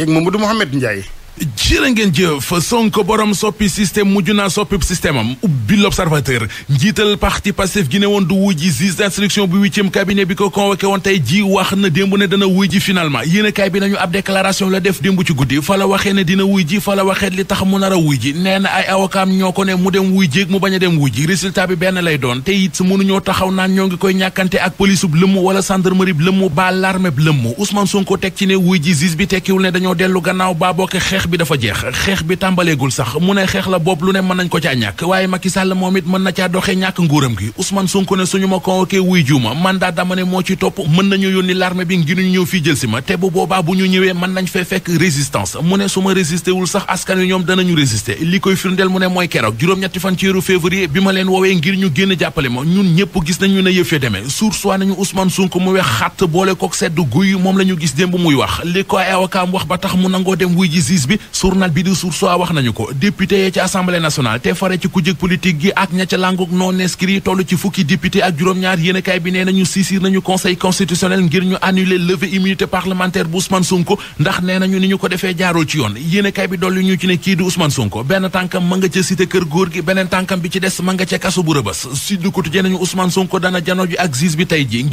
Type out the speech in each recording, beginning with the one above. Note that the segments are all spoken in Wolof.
yeeg Mamadou Mouhamed Ndiaye. jërë ngeen jëf Sonko borom soppi système mujj naa soppi système am ubbi l'observateur njiital parti Pastef gi ne woon du wuy ji juge bi bu huitième cabinet bi ko convoqué woon tey ji wax na démb ne dana wuy ji finalement yéen bi nañu ab déclaration la def démb ci guddi fala waxee ne dina wuy ji fa la waxee li tax mu nar a wuy ji nee na ay awokaam ñoo ko ne mu dem wuy jéeg mu bañ a dem wuy ji résultat bi benn lay doon te it mënuñoo taxaw naan ñoo ngi koy ñàkkante ak police wala gendarmerie bu lëmm ba l'armée bu lëmm Ousmane ci ne wuy ji juge bi tekkiwul dañoo dellu gannaaw baa bokke xeex bi dafa jeex xeex bi tàmbaleegul sax mu ne xeex la bopp lu ne mën nañ ko caa ñàkk waaye Macky Sall moom it mën na caa doxee ñàkk nguuram gi Ousmane Sonko ne suñu ma convoqué wuy juuma mandat dama nañu fekk résistance mu ne su ma résisté sax askan wi ñoom danañu résister li koy firndeel mu ne mooy keroog juróom-ñetti fan ci weeru février bi ma leen woowee ngir ñu génn jàppale ma ñun ñëpp gis nañu ne yëf ya demee soit nañu Ousmane Sonko mu wex xàtt boole ko bi journal bi di Source A wax nañu ko député yee ci assemblée nationale te fare ci kujje politique gi ak ña ca languk non inscrit ci fukki député ak juróom-ñaar yéenekaay bi nee nañu saisir nañu conseil constitutionnel ngir ñu annuler levée immunité parlementaire bu Ousmane Sonko ndax nee nañu ni ñu ko defee jaarul ci yoon yéenekaay bi dolli ñu ci ne kii di Ousmane Sonko benn tànkam ma ca cité kër góor gi beneen tànkam bi ci des ma nga ca kaso bu rëbës Sud Quotidien nañu Ousmane Sonko dana jano ji ak juge bi tey ji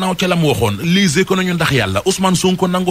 na les économies ndax yàlla Ousmane Sonko nangu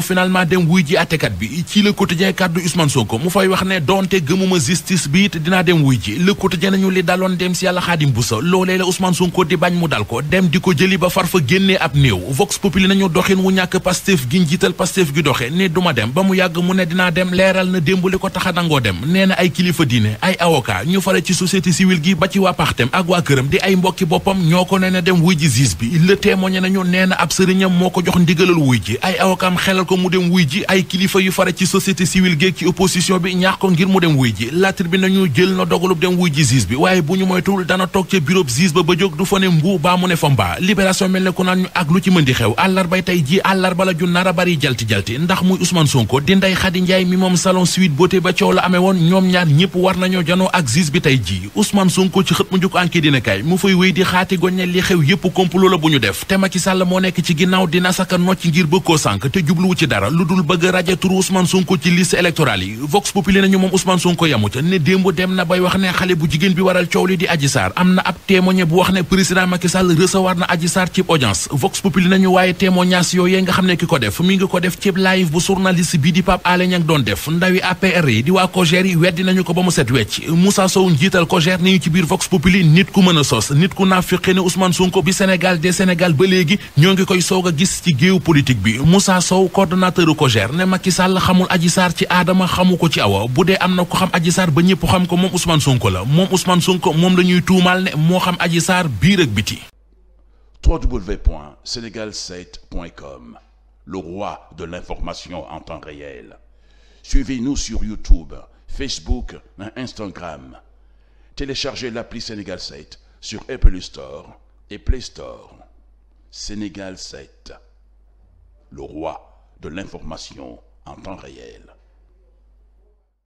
di bañ mu dal ko dem di ko jëli ba far fa génnee ab néew Vox Populi nañu doxin wu ñàkk Pastef gi njiital Pastef gi doxe ne duma dem ba mu yàgg mu ne dinaa dem leeral na démb li ko tax a nangoo dem nee na ay kilifa diine ay avocat ñu fare ci société civile gi ba ci waa ak waa këram di ay mbokki boppam ñoo ko ne ne dem wuy ji justice bi le témoigne nañu nee na ab sëriñam moo ko jox ndigalal wuy ji ay awakaam xelal ko mu dem wuy ji ay kilifa yu fare ci société civile géeg ci opposition bi ñaax ko ngir mu dem wuy ji latir bi nañu jël na dogalub dem wuy ji zis bi waaye bu ñu moytuwul dana toog ca bureau zis ba ba jóg du fa ne mbuu baa mu ne fa mbaa libération mel ne ku naan ak lu ci mën di xew àllarbay tey ji àllarba la ju nar a bari jalti-jalti ndax muy Ousmane Sonko di Ndeye Khady Ndiaye mi moom salon Sweet Beauté ba coow la amee woon ñoo ñaar ñëpp war nañoo janoo ak zis bi tey ci xët mu njëkk enquête dina kay mu fay wéy di xaati goññe li xew yépp complot la bu ñu def te Macky moo nekk ci ginnaaw saka nocc ngir bëgg koo sànk te jubluwu ci dara lu dul bëgg rajo turu Ousmane Sonko ci liste électorale yi Vox Populi nañu moom Ousmane Sonko yamu ca ne démb dem na bay wax ne xale bu jigéen bi waral coow li di Adji am na ab témoigné bu wax ne président Macky Sall recevoir na Adji Sarr cib audience Vox Populi nañu waaye témoignage yooyee nga xam ne ki ko def mi ngi ko def cib live bu journaliste bi di Pape Alé Niang doon def ndawi APR yi di waa COJER yi weddi nañu ko ba mu biir Vox Populi nit ku mën a sos nit ku naafiqe ne Ousmane Sonko ba léegi ñoo ngi koy soog gis ci politique bi Moussa Sow coordonnateur ko gère ne Macky Sall xamul Adji Sarr ci aadama xamu ko ci awa bu dee am na ko xam Adji Sarr ba ñëpp xam ko moom Ousmane Sonko la moom Ousmane Sonko moom la ñuy tuumaal ne moo xam Adji Sarr biir ak biti www.senegal7.com le roi de l'information en temps réel suivez-nous sur YouTube Facebook et Instagram téléchargez l'appli Sénégal 7 sur Apple Store et Play le roi de l'information en temps réel.